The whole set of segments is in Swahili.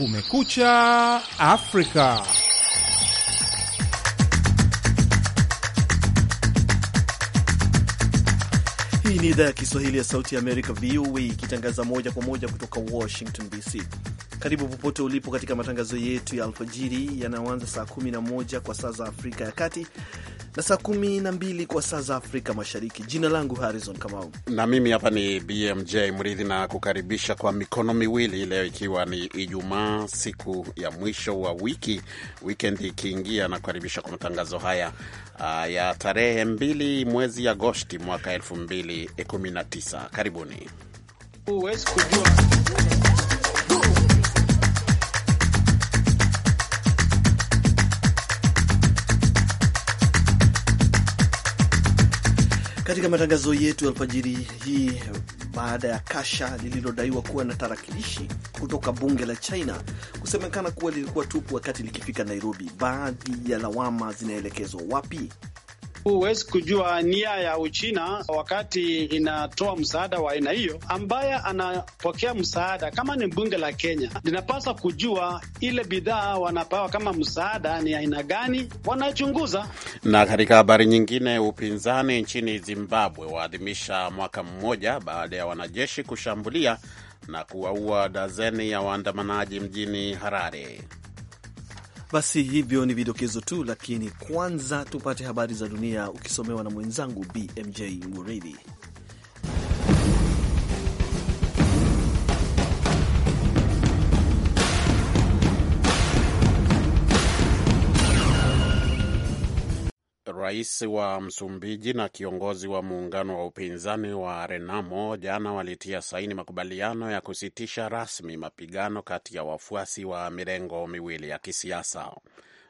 Kumekucha Afrika. Hii ni idhaa ya Kiswahili ya Sauti ya Amerika, VOA, ikitangaza moja kwa moja kutoka Washington DC. Karibu popote ulipo katika matangazo yetu ya alfajiri yanayoanza saa 11 kwa saa za Afrika ya Kati na saa kumi na mbili kwa saa za Afrika Mashariki. Jina langu Harrison Kamau na mimi hapa ni BMJ Mridhi na kukaribisha kwa mikono miwili leo, ikiwa ni Ijumaa, siku ya mwisho wa wiki, wikendi ikiingia, na kukaribisha kwa matangazo haya uh, ya tarehe 2 mwezi Agosti mwaka 2019. Karibuni. Uwezi kujua katika matangazo yetu ya alfajiri hii. Baada ya kasha lililodaiwa kuwa na tarakilishi kutoka bunge la China kusemekana kuwa lilikuwa tupu wakati likifika Nairobi, baadhi ya lawama zinaelekezwa wapi? Huwezi kujua nia ya Uchina wakati inatoa msaada wa aina hiyo. Ambaye anapokea msaada kama ni bunge la Kenya linapaswa kujua ile bidhaa wanapewa kama msaada ni aina gani, wanachunguza. Na katika habari nyingine, upinzani nchini Zimbabwe waadhimisha mwaka mmoja baada ya wanajeshi kushambulia na kuwaua dazeni ya waandamanaji mjini Harare. Basi hivyo ni vidokezo tu, lakini kwanza tupate habari za dunia ukisomewa na mwenzangu BMJ Muridhi. Rais wa Msumbiji na kiongozi wa muungano wa upinzani wa Renamo jana walitia saini makubaliano ya kusitisha rasmi mapigano kati ya wafuasi wa mirengo miwili ya kisiasa.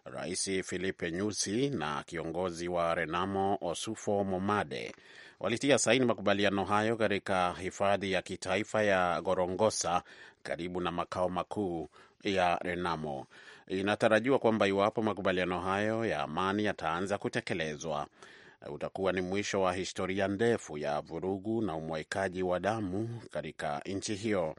Rais Filipe Nyusi na kiongozi wa Renamo Osufo Momade walitia saini makubaliano hayo katika hifadhi ya kitaifa ya Gorongosa karibu na makao makuu ya Renamo. Inatarajiwa kwamba iwapo makubaliano hayo ya amani yataanza kutekelezwa, utakuwa ni mwisho wa historia ndefu ya vurugu na umwaikaji wa damu katika nchi hiyo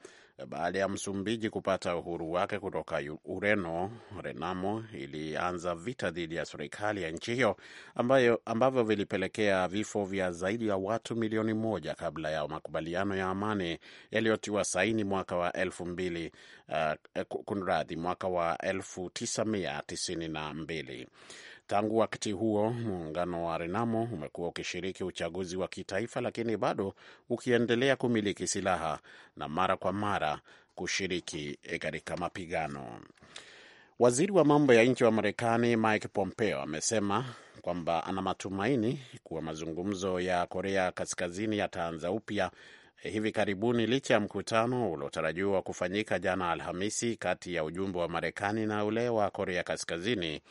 baada ya Msumbiji kupata uhuru wake kutoka Ureno, Renamo ilianza vita dhidi ya serikali ya nchi hiyo ambayo, ambavyo vilipelekea vifo vya zaidi ya watu milioni moja kabla ya makubaliano ya amani yaliyotiwa saini mwaka wa elfu mbili uh, kunradhi mwaka wa elfu tisa mia tisini na mbili. Tangu wakati huo muungano wa Renamo umekuwa ukishiriki uchaguzi wa kitaifa, lakini bado ukiendelea kumiliki silaha na mara kwa mara kushiriki katika mapigano. Waziri wa mambo ya nje wa Marekani Mike Pompeo amesema kwamba ana matumaini kuwa mazungumzo ya Korea Kaskazini yataanza upya hivi karibuni licha ya mkutano uliotarajiwa kufanyika jana Alhamisi kati ya ujumbe wa Marekani na ule wa Korea Kaskazini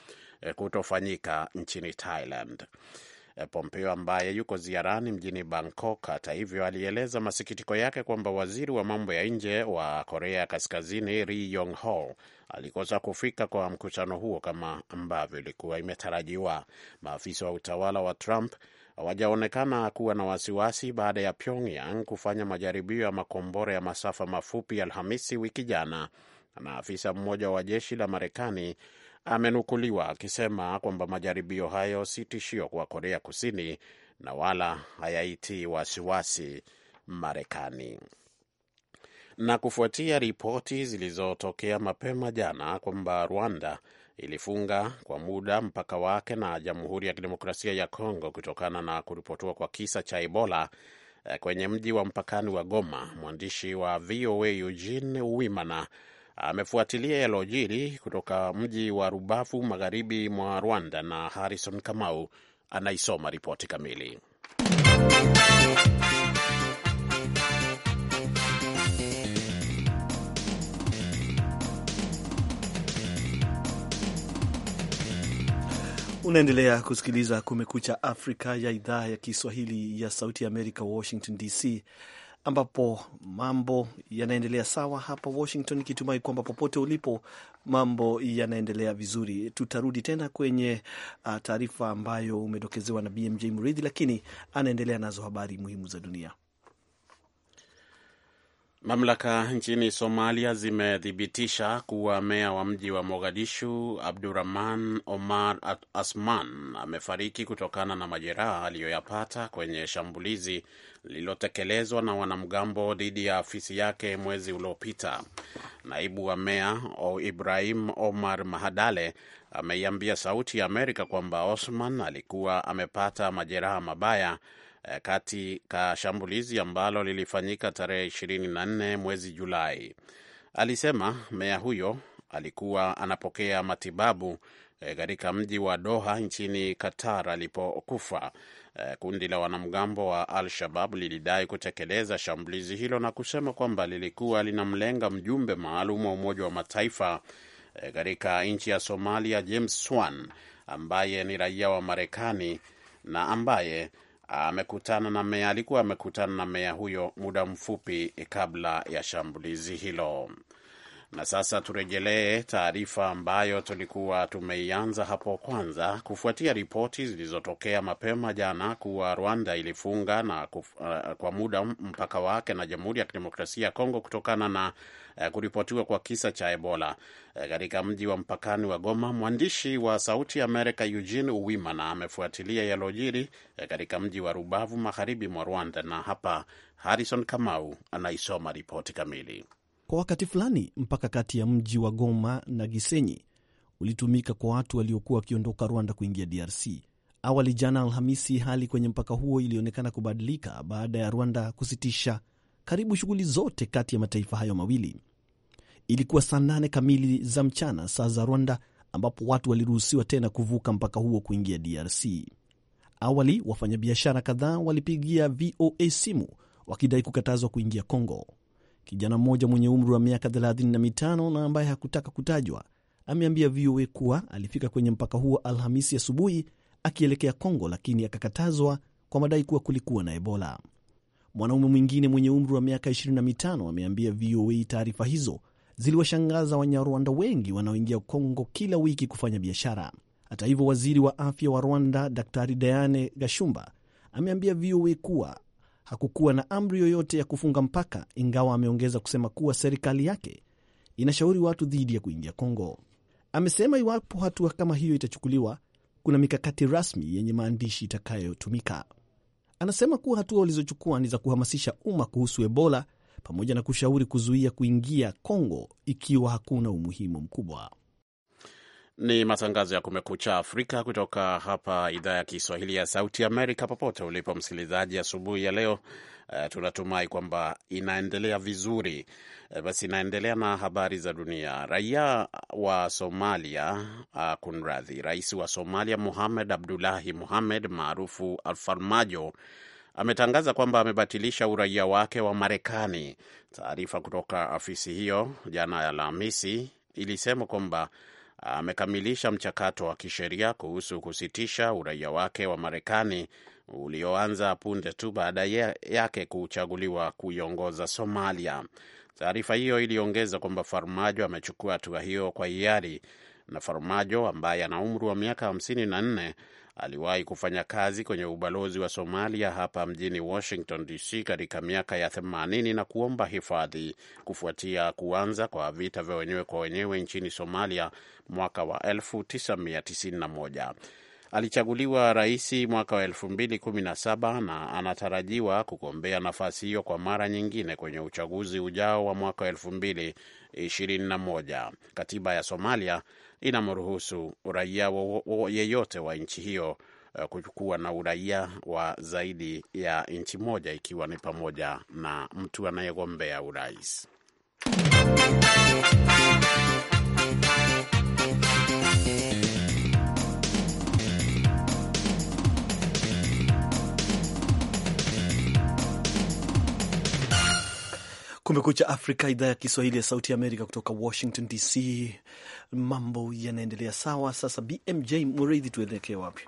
Eh, kutofanyika nchini Thailand. Eh, Pompeo ambaye yuko ziarani mjini Bangkok, hata hivyo, alieleza masikitiko yake kwamba waziri wa mambo ya nje wa Korea Kaskazini Ri Yong Ho alikosa kufika kwa mkutano huo kama ambavyo ilikuwa imetarajiwa. Maafisa wa utawala wa Trump hawajaonekana kuwa na wasiwasi baada ya Pyongyang kufanya majaribio ya makombora ya masafa mafupi Alhamisi wiki jana na afisa mmoja wa jeshi la Marekani amenukuliwa akisema kwamba majaribio hayo si tishio kwa Korea Kusini na wala hayaitii wasiwasi Marekani. Na kufuatia ripoti zilizotokea mapema jana kwamba Rwanda ilifunga kwa muda mpaka wake na Jamhuri ya Kidemokrasia ya Kongo kutokana na kuripotiwa kwa kisa cha Ebola eh, kwenye mji wa mpakani wa Goma, mwandishi wa VOA Eugene Uwimana amefuatilia yalojiri kutoka mji wa rubafu magharibi mwa Rwanda, na Harrison Kamau anaisoma ripoti kamili. Unaendelea kusikiliza Kumekucha Afrika ya idhaa ya Kiswahili ya Sauti ya Amerika, Washington DC, ambapo mambo yanaendelea sawa hapa Washington, ikitumai kwamba popote ulipo mambo yanaendelea vizuri. Tutarudi tena kwenye ah, taarifa ambayo umedokezewa na BMJ Mridhi, lakini anaendelea nazo habari muhimu za dunia. Mamlaka nchini Somalia zimethibitisha kuwa meya wa mji wa Mogadishu Abdurahman Omar Asman amefariki kutokana na majeraha aliyoyapata kwenye shambulizi lililotekelezwa na wanamgambo dhidi ya afisi yake mwezi uliopita. Naibu wa meya o Ibrahim Omar Mahadale ameiambia Sauti ya Amerika kwamba Osman alikuwa amepata majeraha mabaya Eh, katika shambulizi ambalo lilifanyika tarehe 24 mwezi Julai. Alisema meya huyo alikuwa anapokea matibabu eh, katika mji wa Doha nchini Qatar alipokufa. Eh, kundi la wanamgambo wa Al-Shabab lilidai kutekeleza shambulizi hilo na kusema kwamba lilikuwa linamlenga mjumbe maalum wa Umoja wa Mataifa katika nchi ya Somalia, James Swan, ambaye ni raia wa Marekani na ambaye amekutana na meya, alikuwa amekutana na meya huyo muda mfupi kabla ya shambulizi hilo. Na sasa turejelee taarifa ambayo tulikuwa tumeianza hapo kwanza, kufuatia ripoti zilizotokea mapema jana kuwa Rwanda ilifunga na kuf, uh, kwa muda mpaka wake na Jamhuri ya Kidemokrasia ya Kongo kutokana na uh, kuripotiwa kwa kisa cha Ebola uh, katika uh, mji wa mpakani wa Goma. Mwandishi wa Sauti ya Amerika Eugene Uwimana amefuatilia yalojiri uh, katika uh, mji wa Rubavu magharibi mwa Rwanda, na hapa Harrison Kamau anaisoma ripoti kamili. Kwa wakati fulani, mpaka kati ya mji wa Goma na Gisenyi ulitumika kwa watu waliokuwa wakiondoka Rwanda kuingia DRC. Awali jana Alhamisi, hali kwenye mpaka huo ilionekana kubadilika baada ya Rwanda kusitisha karibu shughuli zote kati ya mataifa hayo mawili. Ilikuwa saa nane kamili za mchana saa za Rwanda ambapo watu waliruhusiwa tena kuvuka mpaka huo kuingia DRC. Awali wafanyabiashara kadhaa walipigia VOA simu wakidai kukatazwa kuingia congo Kijana mmoja mwenye umri wa miaka 35 na ambaye hakutaka kutajwa ameambia VOA kuwa alifika kwenye mpaka huo Alhamisi asubuhi akielekea Kongo, lakini akakatazwa kwa madai kuwa kulikuwa na Ebola. Mwanaume mwingine mwenye umri wa miaka 25 ameambia VOA taarifa hizo ziliwashangaza Wanyarwanda wengi wanaoingia Kongo kila wiki kufanya biashara. Hata hivyo, waziri wa afya wa Rwanda Daktari Diane Gashumba ameambia VOA kuwa hakukuwa na amri yoyote ya kufunga mpaka, ingawa ameongeza kusema kuwa serikali yake inashauri watu dhidi ya kuingia Kongo. Amesema iwapo hatua kama hiyo itachukuliwa, kuna mikakati rasmi yenye maandishi itakayotumika. Anasema kuwa hatua walizochukua ni za kuhamasisha umma kuhusu Ebola pamoja na kushauri kuzuia kuingia Kongo ikiwa hakuna umuhimu mkubwa. Ni matangazo ya Kumekucha Afrika kutoka hapa idhaa ya Kiswahili ya Sauti Amerika. Popote ulipo msikilizaji, asubuhi ya, ya leo uh, tunatumai kwamba inaendelea vizuri. Uh, basi inaendelea na habari za dunia. Raia wa Somalia uh, kunradhi, rais wa Somalia Muhamed Abdulahi Muhamed maarufu Alfarmajo ametangaza kwamba amebatilisha uraia wake wa Marekani. Taarifa kutoka afisi hiyo jana ya Alhamisi ilisema kwamba amekamilisha mchakato wa kisheria kuhusu kusitisha uraia wake wa Marekani ulioanza punde tu baada yake kuchaguliwa kuiongoza Somalia. Taarifa hiyo iliongeza kwamba Farmajo amechukua hatua hiyo kwa hiari, na Farmajo ambaye ana umri wa miaka 54 aliwahi kufanya kazi kwenye ubalozi wa Somalia hapa mjini Washington DC katika miaka ya 80 na kuomba hifadhi kufuatia kuanza kwa vita vya wenyewe kwa wenyewe nchini Somalia mwaka wa 1991. Alichaguliwa rais mwaka wa 2017 na anatarajiwa kugombea nafasi hiyo kwa mara nyingine kwenye uchaguzi ujao wa mwaka wa 2021. Katiba ya Somalia inamruhusu raia yeyote wa nchi hiyo eh, kuchukua na uraia wa zaidi ya nchi moja ikiwa ni pamoja na mtu anayegombea urais. Kumekucha Afrika, idhaa ya Kiswahili ya Sauti ya Amerika kutoka Washington DC. Mambo yanaendelea sawa. Sasa BMJ Mridhi, tuelekee wapi?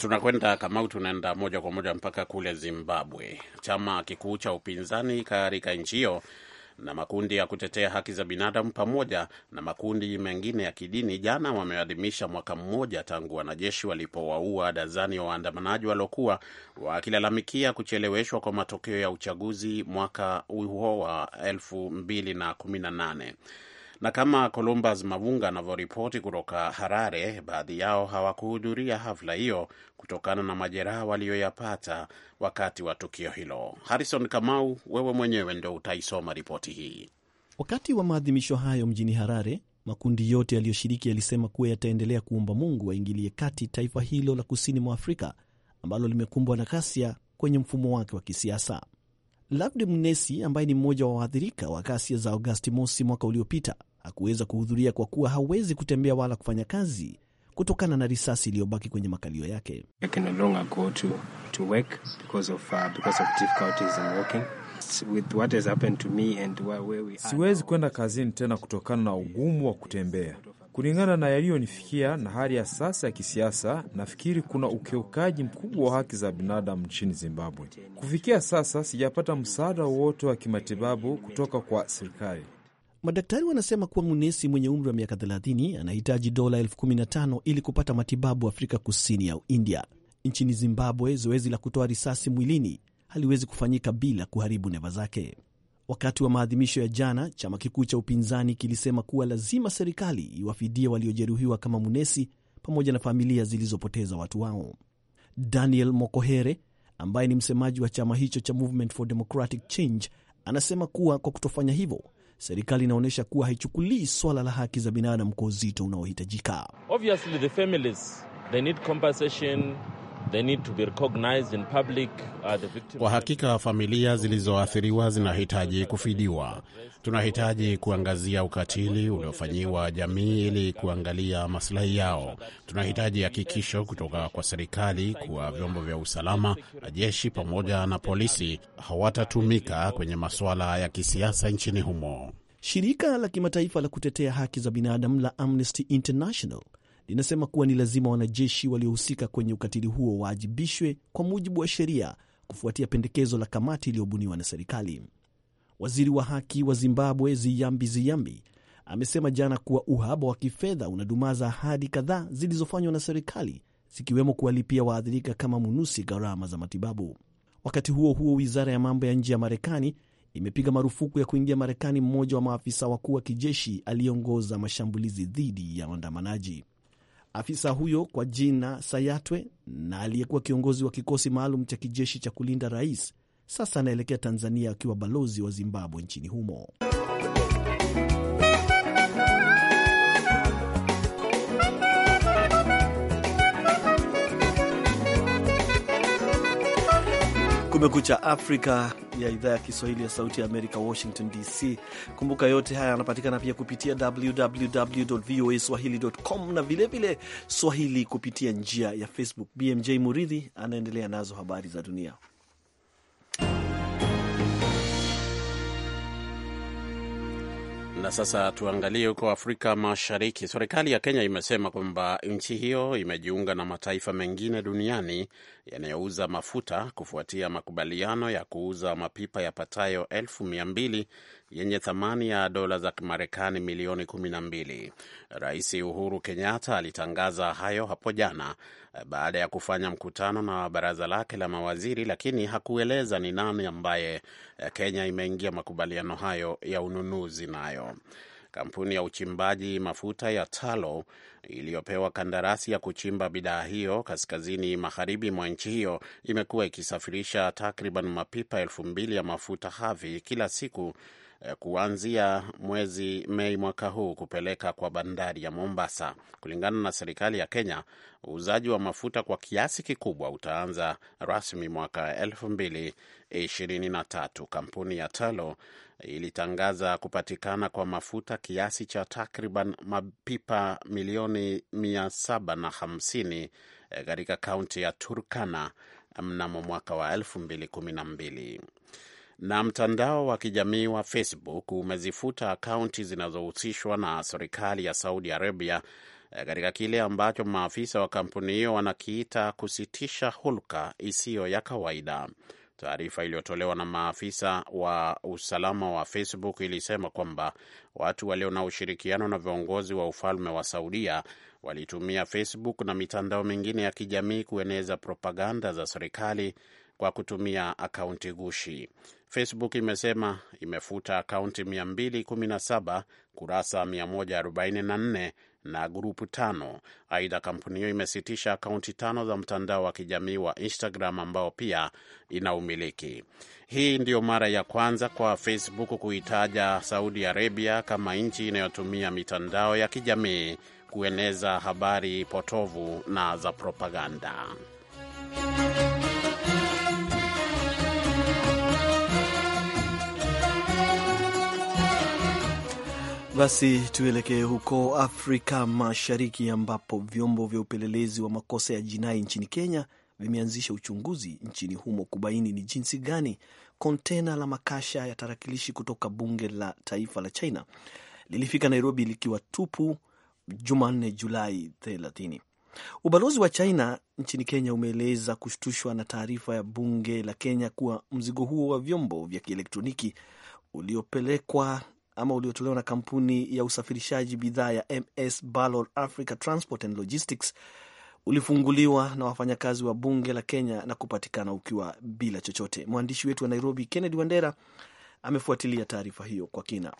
Tunakwenda Kamau, tunaenda moja kwa moja mpaka kule Zimbabwe. Chama kikuu cha upinzani katika nchi hiyo na makundi ya kutetea haki za binadamu pamoja na makundi mengine ya kidini jana wameadhimisha mwaka mmoja tangu wanajeshi walipowaua dazani ya waandamanaji waliokuwa wakilalamikia kucheleweshwa kwa matokeo ya uchaguzi mwaka huo wa 218 na kama Columbus Mavunga anavyoripoti kutoka Harare, baadhi yao hawakuhudhuria hafla hiyo kutokana na majeraha waliyoyapata wakati wa tukio hilo. Harrison Kamau, wewe mwenyewe ndo utaisoma ripoti hii. Wakati wa maadhimisho hayo mjini Harare, makundi yote yaliyoshiriki yalisema kuwa yataendelea kuomba Mungu aingilie kati taifa hilo la kusini mwa Afrika ambalo limekumbwa na ghasia kwenye mfumo wake wa kisiasa. Lavde Mnesi ambaye ni mmoja wa waathirika wa ghasia za Agosti mosi mwaka uliopita hakuweza kuhudhuria kwa kuwa hawezi kutembea wala kufanya kazi kutokana na risasi iliyobaki kwenye makalio yake. Uh, Siwezi kwenda kazini tena kutokana na ugumu wa kutembea. Kulingana na yaliyonifikia na hali ya sasa ya kisiasa, nafikiri kuna ukiukaji mkubwa wa haki za binadamu nchini Zimbabwe. Kufikia sasa sijapata msaada wowote wa kimatibabu kutoka kwa serikali. Madaktari wanasema kuwa munesi mwenye umri wa miaka 30 anahitaji dola elfu kumi na tano ili kupata matibabu Afrika Kusini au India. Nchini Zimbabwe, zoezi la kutoa risasi mwilini haliwezi kufanyika bila kuharibu neva zake. Wakati wa maadhimisho ya jana, chama kikuu cha upinzani kilisema kuwa lazima serikali iwafidie waliojeruhiwa kama Munesi pamoja na familia zilizopoteza watu wao. Daniel Mokohere ambaye ni msemaji wa chama hicho cha Movement for Democratic Change anasema kuwa kwa kutofanya hivyo serikali inaonyesha kuwa haichukulii swala la haki za binadamu kwa uzito unaohitajika. Uh, kwa hakika familia zilizoathiriwa zinahitaji kufidiwa. Tunahitaji kuangazia ukatili uliofanyiwa jamii ili kuangalia maslahi yao. Tunahitaji hakikisho kutoka kwa serikali kuwa vyombo vya usalama na jeshi pamoja na polisi hawatatumika kwenye masuala ya kisiasa nchini humo. Shirika la kimataifa la kutetea haki za binadamu la Amnesty International linasema kuwa ni lazima wanajeshi waliohusika kwenye ukatili huo waajibishwe kwa mujibu wa sheria, kufuatia pendekezo la kamati iliyobuniwa na serikali. Waziri wa haki wa Zimbabwe Ziyambi Ziyambi amesema jana kuwa uhaba wa kifedha unadumaza ahadi kadhaa zilizofanywa na serikali zikiwemo kuwalipia waathirika kama munusi gharama za matibabu. Wakati huo huo, wizara ya mambo ya nje ya Marekani imepiga marufuku ya kuingia Marekani mmoja wa maafisa wakuu wa kijeshi aliyeongoza mashambulizi dhidi ya waandamanaji. Afisa huyo kwa jina Sayatwe na aliyekuwa kiongozi wa kikosi maalum cha kijeshi cha kulinda rais, sasa anaelekea Tanzania akiwa balozi wa Zimbabwe nchini humo. Kumekucha Afrika ya idhaa ya Kiswahili ya Sauti ya Amerika, Washington DC. Kumbuka yote haya yanapatikana pia kupitia www voa swahili.com na vilevile Swahili kupitia njia ya Facebook. BMJ Muridhi anaendelea nazo habari za dunia. Na sasa tuangalie huko Afrika Mashariki. Serikali ya Kenya imesema kwamba nchi hiyo imejiunga na mataifa mengine duniani yanayouza mafuta kufuatia makubaliano ya kuuza mapipa yapatayo elfu mia mbili yenye thamani ya dola za Kimarekani milioni kumi na mbili Rais Uhuru Kenyatta alitangaza hayo hapo jana eh, baada ya kufanya mkutano na baraza lake la mawaziri, lakini hakueleza ni nani ambaye eh, Kenya imeingia makubaliano hayo ya ununuzi nayo. Kampuni ya uchimbaji mafuta ya Talo iliyopewa kandarasi ya kuchimba bidhaa hiyo kaskazini magharibi mwa nchi hiyo imekuwa ikisafirisha takriban mapipa elfu mbili ya mafuta hafi kila siku Eh, kuanzia mwezi Mei mwaka huu kupeleka kwa bandari ya Mombasa. Kulingana na serikali ya Kenya, uuzaji wa mafuta kwa kiasi kikubwa utaanza rasmi mwaka 2023. Kampuni ya Talo ilitangaza kupatikana kwa mafuta kiasi cha takriban mapipa milioni 750 eh, katika kaunti ya Turkana mnamo mwaka wa 2012 na mtandao wa kijamii wa Facebook umezifuta akaunti zinazohusishwa na serikali ya Saudi Arabia eh, katika kile ambacho maafisa wa kampuni hiyo wanakiita kusitisha hulka isiyo ya kawaida. Taarifa iliyotolewa na maafisa wa usalama wa Facebook ilisema kwamba watu walio na ushirikiano na viongozi wa ufalme wa Saudia walitumia Facebook na mitandao mingine ya kijamii kueneza propaganda za serikali kwa kutumia akaunti gushi. Facebook imesema imefuta akaunti 217, kurasa 144 na grupu tano. Aidha, kampuni hiyo imesitisha akaunti tano za mtandao wa kijamii wa Instagram ambao pia ina umiliki. Hii ndiyo mara ya kwanza kwa Facebook kuitaja Saudi Arabia kama nchi inayotumia mitandao ya kijamii kueneza habari potovu na za propaganda. Basi tuelekee huko Afrika Mashariki, ambapo vyombo vya upelelezi wa makosa ya jinai nchini Kenya vimeanzisha uchunguzi nchini humo kubaini ni jinsi gani kontena la makasha ya tarakilishi kutoka bunge la taifa la China lilifika Nairobi likiwa tupu Jumanne, Julai 30. Ubalozi wa China nchini Kenya umeeleza kushtushwa na taarifa ya bunge la Kenya kuwa mzigo huo wa vyombo vya kielektroniki uliopelekwa ama uliotolewa na kampuni ya usafirishaji bidhaa ya MS Balor Africa Transport and Logistics ulifunguliwa na wafanyakazi wa bunge la Kenya na kupatikana ukiwa bila chochote. Mwandishi wetu wa Nairobi Kennedy Wandera amefuatilia taarifa hiyo kwa kina.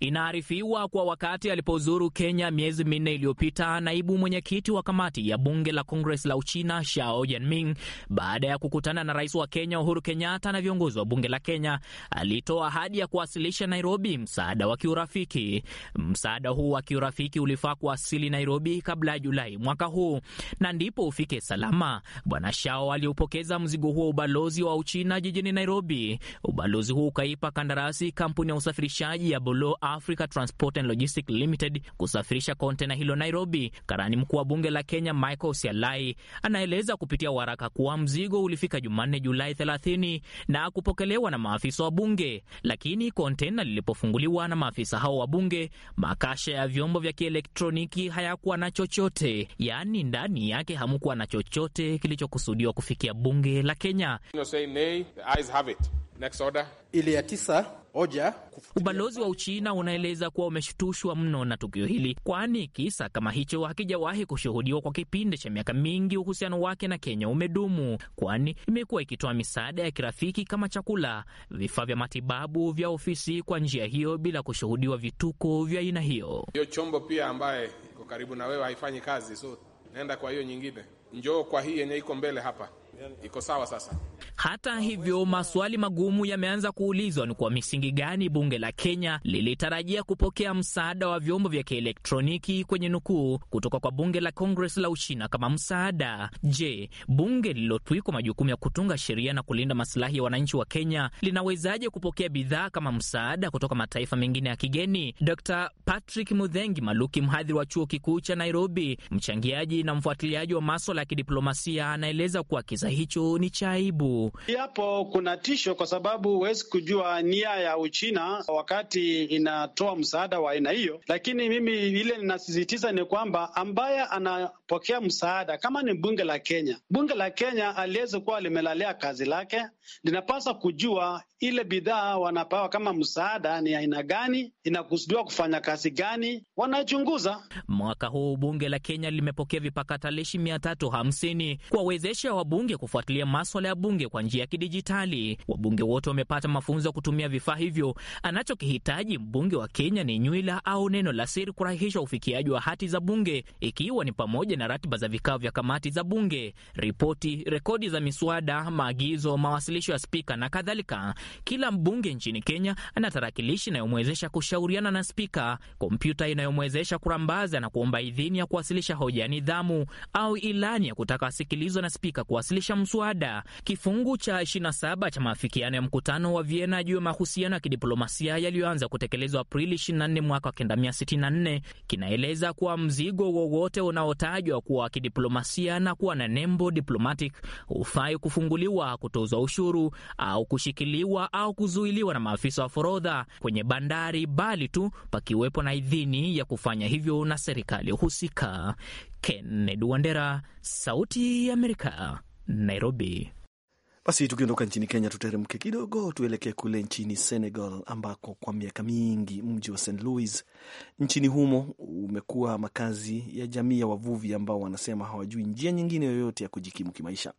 Inaarifiwa kwa wakati alipozuru Kenya miezi minne iliyopita, naibu mwenyekiti wa kamati ya bunge la Kongres la Uchina Shao Yanming, baada ya kukutana na rais wa Kenya Uhuru Kenyatta na viongozi wa bunge la Kenya, alitoa ahadi ya kuwasilisha Nairobi msaada wa kiurafiki. Msaada huu wa kiurafiki ulifaa kuwasili Nairobi kabla ya Julai mwaka huu, na ndipo ufike salama. Bwana Shao aliupokeza mzigo huo ubalozi wa Uchina jijini Nairobi. Ubalozi huu ukaipa kandarasi kampuni ya usafirishaji ya Bolo Africa Transport and Logistic Limited kusafirisha kontena hilo Nairobi. Karani mkuu wa bunge la Kenya Michael Sialai anaeleza kupitia waraka kuwa mzigo ulifika Jumanne Julai 30 na kupokelewa na maafisa wa bunge, lakini kontena lilipofunguliwa na maafisa hao wa bunge, makasha ya vyombo vya kielektroniki hayakuwa na chochote, yaani ndani yake hamukuwa na chochote kilichokusudiwa kufikia bunge la Kenya. You know, Next order. Ile ya tisa ubalozi wa Uchina unaeleza kuwa umeshtushwa mno na tukio hili, kwani kisa kama hicho hakijawahi kushuhudiwa kwa kipindi cha miaka mingi. Uhusiano wake na Kenya umedumu, kwani imekuwa ikitoa misaada ya kirafiki kama chakula, vifaa vya matibabu, vya ofisi kwa njia hiyo, bila kushuhudiwa vituko vya aina hiyo. Hiyo chombo pia ambaye iko karibu na wewe haifanyi kazi, so naenda kwa hiyo nyingine, njoo kwa hii yenye iko mbele hapa iko sawa sasa. Hata hivyo, maswali magumu yameanza kuulizwa ni kwa misingi gani bunge la Kenya lilitarajia kupokea msaada wa vyombo vya kielektroniki kwenye nukuu kutoka kwa bunge la Kongres la Uchina kama msaada. Je, bunge lililotwikwa majukumu ya kutunga sheria na kulinda masilahi ya wananchi wa Kenya linawezaje kupokea bidhaa kama msaada kutoka mataifa mengine ya kigeni? Dr. Patrick Mudhengi Maluki, mhadhiri wa chuo kikuu cha Nairobi, mchangiaji na mfuatiliaji wa maswala ya kidiplomasia, anaeleza kuwa kiza hicho ni cha aibu. Yapo kuna tisho, kwa sababu huwezi kujua nia ya Uchina wakati inatoa msaada wa aina hiyo, lakini mimi ile ninasisitiza ni kwamba ambaye anapokea msaada kama ni bunge la Kenya, bunge la Kenya aliweza kuwa limelalea kazi lake, linapaswa kujua ile bidhaa wanapewa kama msaada ni aina gani, inakusudiwa kufanya kazi gani, wanachunguza. Mwaka huu bunge la Kenya limepokea vipakatalishi mia tatu hamsini kuwawezesha wabunge kufuatilia maswala ya bunge kwa njia ya kidijitali. Wabunge wote wamepata mafunzo ya kutumia vifaa hivyo. Anachokihitaji mbunge wa Kenya ni nywila au neno la siri kurahisisha ufikiaji wa hati za bunge, ikiwa ni pamoja na ratiba za vikao vya kamati za bunge, ripoti, rekodi za miswada, maagizo, mawasilisho ya spika na kadhalika. Kila mbunge nchini Kenya ana tarakilishi inayomwezesha kushauriana na spika, kompyuta inayomwezesha kurambaza na kuomba idhini ya kuwasilisha hoja ya nidhamu au ilani ya kutaka asikilizwe na spika kuwasilisha kuwasilisha mswada kifungu cha 27 cha maafikiano ya mkutano wa Vienna juu ya mahusiano ya kidiplomasia yaliyoanza kutekelezwa Aprili 24 mwaka 1964 kinaeleza kuwa mzigo wowote unaotajwa kuwa kidiplomasia na kuwa na nembo diplomatic hufai kufunguliwa, kutozwa ushuru au kushikiliwa au kuzuiliwa na maafisa wa forodha kwenye bandari, bali tu pakiwepo na idhini ya kufanya hivyo na serikali husika. Kennedy Wandera, Sauti ya Amerika, Nairobi. Basi tukiondoka nchini Kenya, tuteremke kidogo, tuelekee kule nchini Senegal, ambako kwa miaka mingi mji wa St Louis nchini humo umekuwa makazi ya jamii ya wavuvi ambao wanasema hawajui njia nyingine yoyote ya kujikimu kimaisha.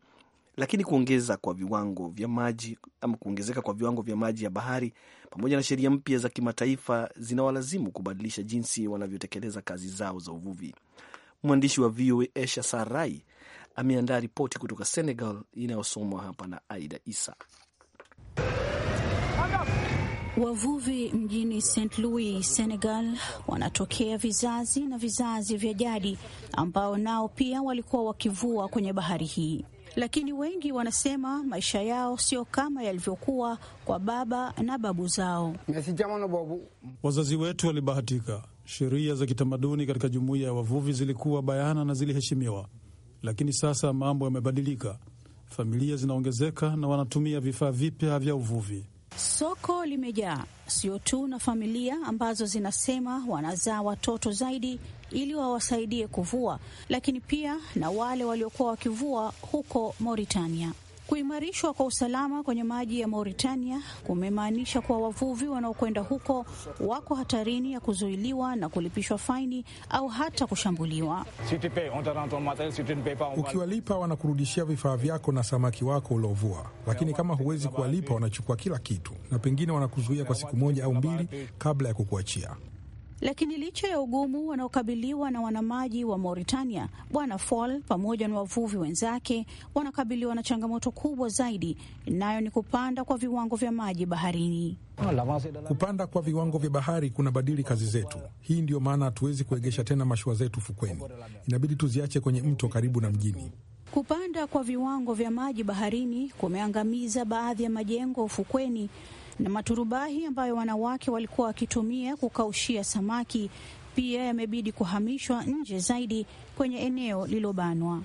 Lakini kuongeza kwa viwango vya maji ama kuongezeka kwa viwango vya maji ya bahari pamoja na sheria mpya za kimataifa zinawalazimu kubadilisha jinsi wanavyotekeleza kazi zao za uvuvi. Mwandishi wa VOA Esha Sarai ameandaa ripoti kutoka Senegal inayosomwa hapa na Aida Isa. Wavuvi mjini St Louis, Senegal, wanatokea vizazi na vizazi vya jadi ambao nao pia walikuwa wakivua kwenye bahari hii, lakini wengi wanasema maisha yao sio kama yalivyokuwa kwa baba na babu zao. Wazazi wetu walibahatika. Sheria za kitamaduni katika jumuiya ya wavuvi zilikuwa bayana na ziliheshimiwa lakini sasa mambo yamebadilika. Familia zinaongezeka na wanatumia vifaa vipya vya uvuvi. Soko limejaa, sio tu na familia ambazo zinasema wanazaa watoto zaidi ili wawasaidie kuvua, lakini pia na wale waliokuwa wakivua huko Mauritania. Kuimarishwa kwa usalama kwenye maji ya Mauritania kumemaanisha kuwa wavuvi wanaokwenda huko wako hatarini ya kuzuiliwa na kulipishwa faini au hata kushambuliwa. Ukiwalipa wanakurudishia vifaa vyako na samaki wako uliovua lakini kama huwezi kuwalipa wanachukua kila kitu, na pengine wanakuzuia kwa siku moja au mbili kabla ya kukuachia. Lakini licha ya ugumu wanaokabiliwa na wanamaji wa Mauritania, Bwana Fall pamoja na wavuvi wenzake wanakabiliwa na changamoto kubwa zaidi, nayo ni kupanda kwa viwango vya maji baharini. Kupanda kwa viwango vya bahari kuna badili kazi zetu. Hii ndiyo maana hatuwezi kuegesha tena mashua zetu fukweni, inabidi tuziache kwenye mto karibu na mjini. Kupanda kwa viwango vya maji baharini kumeangamiza baadhi ya majengo ufukweni na maturubahi ambayo wanawake walikuwa wakitumia kukaushia samaki pia yamebidi kuhamishwa nje zaidi kwenye eneo lilobanwa.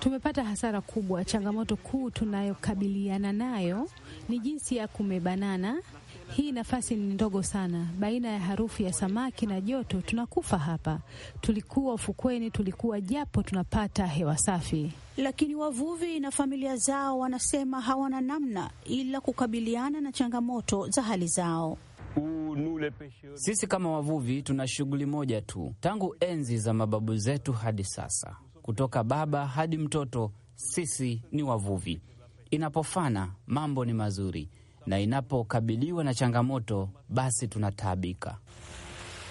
Tumepata hasara kubwa. Changamoto kuu tunayokabiliana nayo ni jinsi ya kumebanana hii nafasi ni ndogo sana, baina ya harufu ya samaki na joto tunakufa hapa. Tulikuwa ufukweni, tulikuwa japo tunapata hewa safi. Lakini wavuvi na familia zao wanasema hawana namna ila kukabiliana na changamoto za hali zao. Sisi kama wavuvi tuna shughuli moja tu tangu enzi za mababu zetu hadi sasa, kutoka baba hadi mtoto, sisi ni wavuvi. Inapofana mambo ni mazuri na inapokabiliwa na changamoto basi tunataabika.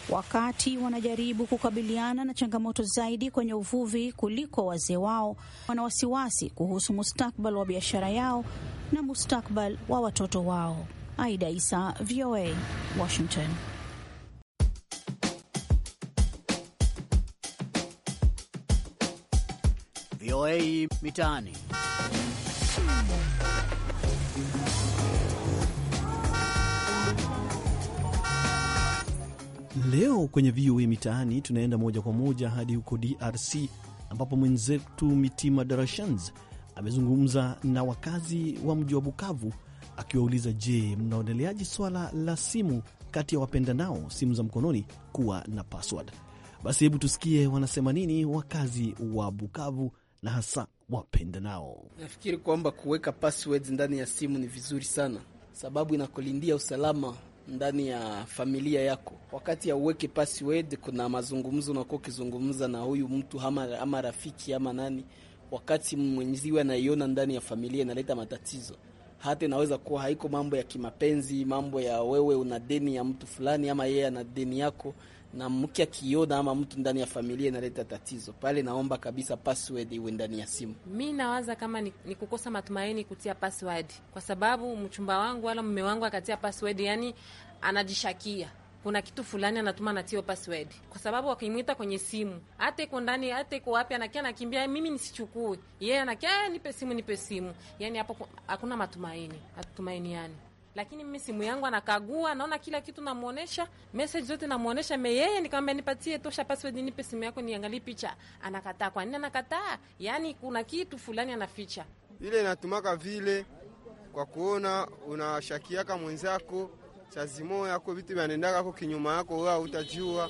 Wakati wanajaribu kukabiliana na changamoto zaidi kwenye uvuvi kuliko wazee wao, wana wasiwasi kuhusu mustakbal wa biashara yao na mustakbal wa watoto wao. Aida Isa, VOA, Washington. VOA Mitaani. Leo kwenye VOA Mitaani tunaenda moja kwa moja hadi huko DRC ambapo mwenzetu Mitima Darashans amezungumza na wakazi wa mji wa Bukavu akiwauliza, je, mnaondeleaje swala la simu kati ya wapenda nao simu za mkononi kuwa na password? Basi hebu tusikie wanasema nini wakazi wa Bukavu na hasa wapenda nao. Nafikiri kwamba kuweka passwords ndani ya simu ni vizuri sana, sababu inakulindia usalama ndani ya familia yako, wakati ya uweke password, kuna mazungumzo unakuwa ukizungumza na huyu mtu ama, ama rafiki ama nani, wakati mwenziwe anaiona ndani ya familia inaleta matatizo hata inaweza kuwa haiko mambo ya kimapenzi, mambo ya wewe una deni ya mtu fulani ama yeye ana deni yako, na mke akiona ama mtu ndani ya familia inaleta tatizo pale, naomba kabisa password iwe ndani ya simu. Mi nawaza kama ni, ni kukosa matumaini kutia password, kwa sababu mchumba wangu wala mume wangu akatia password, yani anajishakia kuna kitu fulani anatuma natio password, kwa sababu akimwita kwenye simu, hata iko ndani, hata iko wapi, anakia anakimbia, mimi nisichukue, yeye yeah, anakia eh, nipe simu, nipe simu. Yani hapo hakuna matumaini, hatutumainiani lakini mimi simu yangu anakagua, naona kila kitu, namuonesha message zote namuonesha. Me yeye nikamwambia, nipatie tosha password, nipe simu yako niangalie picha. Anakataa. Kwa nini anakataa? Yani kuna kitu fulani anaficha. Ile inatumaka vile kwa kuona unashakiaka mwenzako chazimo yako vitu vyanendaka ko kinyuma yako, wewe utajua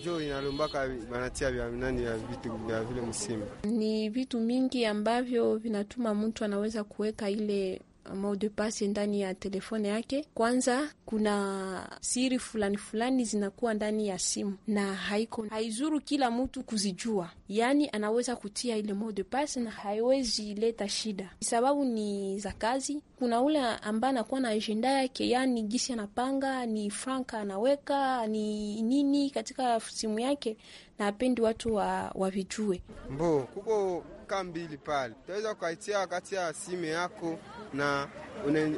njo inalombaka banatia vya nani ya vitu vya vile msimu. Ni vitu mingi ambavyo vinatuma mtu anaweza kuweka ile mot de passe ndani ya telefone yake. Kwanza kuna siri fulani fulani zinakuwa ndani ya simu na haiko haizuru kila mtu kuzijua, yaani anaweza kutia ile mot de passe na haiwezi leta shida, sababu ni za kazi kuna ule ambaye anakuwa na ajenda yake, yani gisi anapanga ni franka anaweka ni nini katika simu yake, na apendi watu wa wavijue. Mbo kuko ka mbili pale, utaweza ukaitia kati ya simu yako na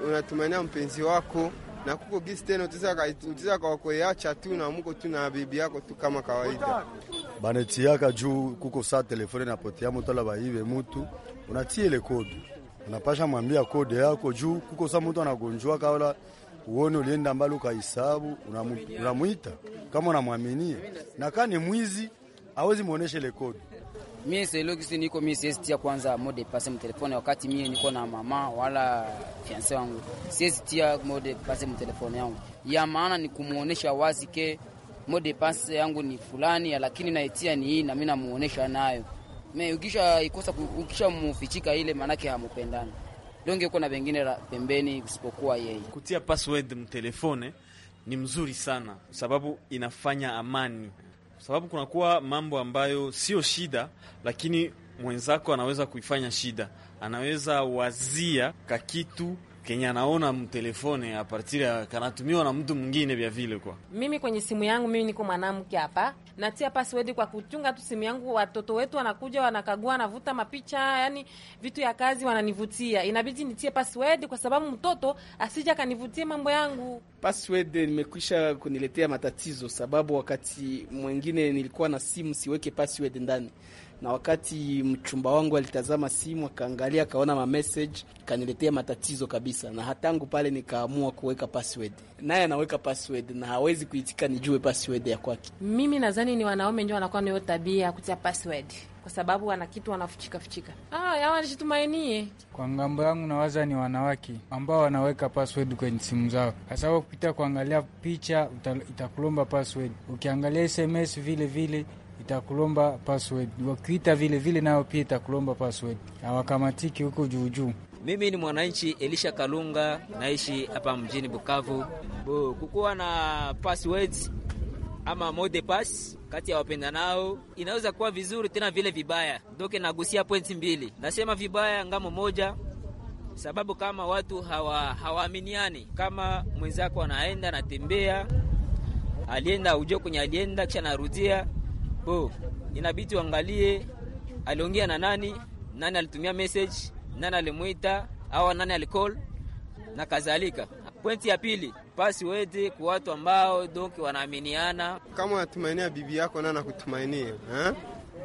unatumania mpenzi wako na kuko gisi tena utaweza kawakoeacha tu na muko tu na bibi yako tu kama kawaida, banetiaka juu kuko saa telefone napotea mutu ala mutu unatiele kodi unapasha mwambia kode yako juu kuko sa mtu anagonjwa kaola uone ulienda mbali ukahesabu, unamwita kama unamwaminia, na kaa ni mwizi awezi muoneshe ile kodi. Mie selogisi niko mie siwezi tia kwanza mode pase mtelefone wakati mie niko na mama wala fiance wangu, siwezi tia mode pase mtelefone yangu. Ya maana ni kumuonesha wazi ke mode pase yangu ni fulani, lakini naitia ni hii na mimi namuonesha nayo me ukisha ikosa ukisha mufichika ile maanake hamupendani. Donge kuna wengine pembeni usipokuwa yeye. Kutia password mtelefone ni mzuri sana, sababu inafanya amani, sababu kunakuwa mambo ambayo sio shida, lakini mwenzako anaweza kuifanya shida, anaweza wazia kakitu kenye anaona mtelefone a partir ya kanatumiwa na mtu mwingine vya vile. Kwa mimi kwenye simu yangu, mimi niko mwanamke hapa, natia password kwa kuchunga tu simu yangu. Watoto wetu wanakuja wanakagua, wanavuta mapicha, yani vitu ya kazi wananivutia, inabidi nitie password kwa sababu mtoto asija kanivutie mambo yangu. Password nimekwisha kuniletea matatizo, sababu wakati mwingine nilikuwa na simu siweke password ndani na wakati mchumba wangu alitazama simu akaangalia, akaona ma message, kaniletea matatizo kabisa, na hatangu pale nikaamua kuweka password. Naye anaweka password na hawezi kuitika nijue password ya kwake. Mimi nadhani ni wanaume ndio wanakuwa nayo tabia ya kutia password kwa sababu wana kitu wanafuchika fuchika. Ah, yawa nishitumainie. Kwa ngambo yangu nawaza ni wanawake ambao wanaweka password kwenye simu zao, kwa sababu kupita kuangalia picha itakulomba password, ukiangalia SMS vile vile itakulomba password, wakiita vile vile nayo pia itakulomba password, hawakamatiki huko juu juu. Mimi ni mwananchi Elisha Kalunga, naishi hapa mjini Bukavu. Kukuwa na password ama mode pass kati ya wapenda nao inaweza kuwa vizuri tena vile vibaya. Ndoke nagusia pointi mbili, nasema vibaya ngamo moja sababu kama watu hawa hawaaminiani, kama mwenzako anaenda anatembea, alienda ujue kwenye alienda kisha narudia Bo, inabidi uangalie aliongea na nani, nani alitumia message, nani alimwita au nani alicall na kadhalika. Pointi ya pili, pasi wete kwa watu ambao donc wanaaminiana. Kama unatumainia bibi yako na nakutumainia eh,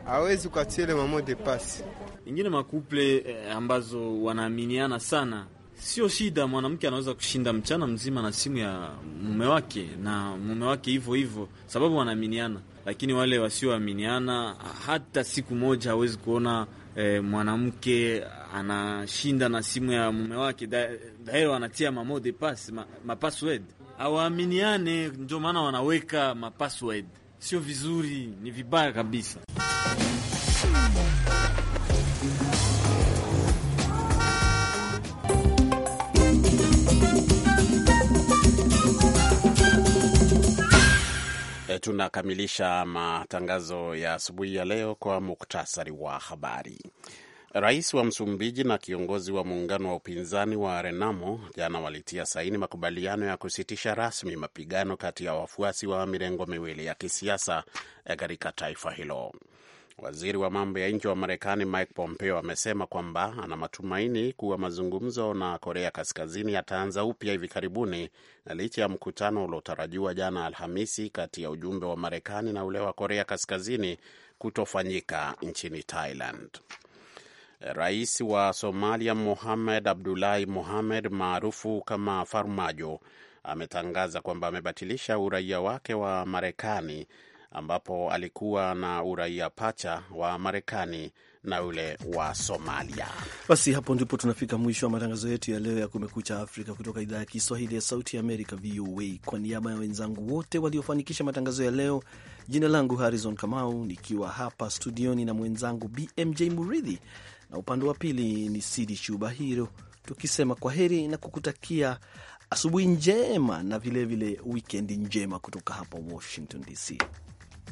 hawezi ukatia ile mamo de pasi ingine. Makuple eh, ambazo wanaaminiana sana Sio shida, mwanamke anaweza kushinda mchana mzima na simu ya mume wake na mume wake hivyo hivyo, sababu wanaaminiana lakini wale wasioaminiana hata siku moja hawezi kuona e, mwanamke anashinda na simu ya mume wake dhahiri da wanatia mamo de pass ma, hawaaminiane, ndio maana wanaweka mapassword. Sio vizuri, ni vibaya kabisa. e, tunakamilisha matangazo ya asubuhi ya leo kwa muktasari wa habari. Rais wa Msumbiji na kiongozi wa muungano wa upinzani wa Renamo jana walitia saini makubaliano ya kusitisha rasmi mapigano kati ya wafuasi wa mirengo miwili ya kisiasa eh, katika taifa hilo. Waziri wa mambo ya nje wa Marekani Mike Pompeo amesema kwamba ana matumaini kuwa mazungumzo na Korea Kaskazini yataanza upya hivi karibuni, na licha ya mkutano uliotarajiwa jana Alhamisi kati ya ujumbe wa Marekani na ule wa Korea Kaskazini kutofanyika nchini Thailand. Rais wa Somalia Mohamed Abdullahi Mohamed maarufu kama Farmajo ametangaza kwamba amebatilisha uraia wake wa Marekani ambapo alikuwa na uraia pacha wa Marekani na yule wa Somalia. Basi hapo ndipo tunafika mwisho wa matangazo yetu ya leo ya Kumekucha Afrika kutoka idhaa ya Kiswahili ya Sauti ya Amerika, VOA. Kwa niaba ya wenzangu wote waliofanikisha matangazo ya leo, jina langu Harrison Kamau, nikiwa hapa studioni na mwenzangu BMJ Muridhi, na upande wa pili ni Sidi Chubahiro, tukisema kwa heri na kukutakia asubuhi njema na vilevile wikendi njema kutoka hapa Washington DC.